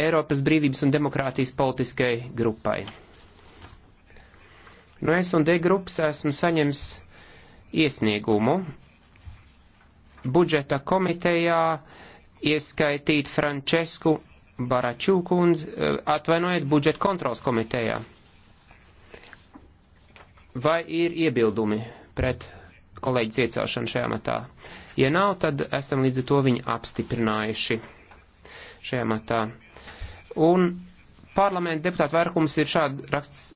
Eiropas brīvības un demokrātijas politiskai grupai. No S&D grupas esmu saņems iesniegumu budžeta komitejā ieskaitīt Francesku Baračūkundz, eh, atvainojiet, budžeta kontrols komitejā. Vai ir iebildumi pret kolēģis iecelšanu šajā matā? Ja nav, tad esam līdz ar to viņu apstiprinājuši šajā matā. Un parlamenta deputāta vairākums ir šādi raksts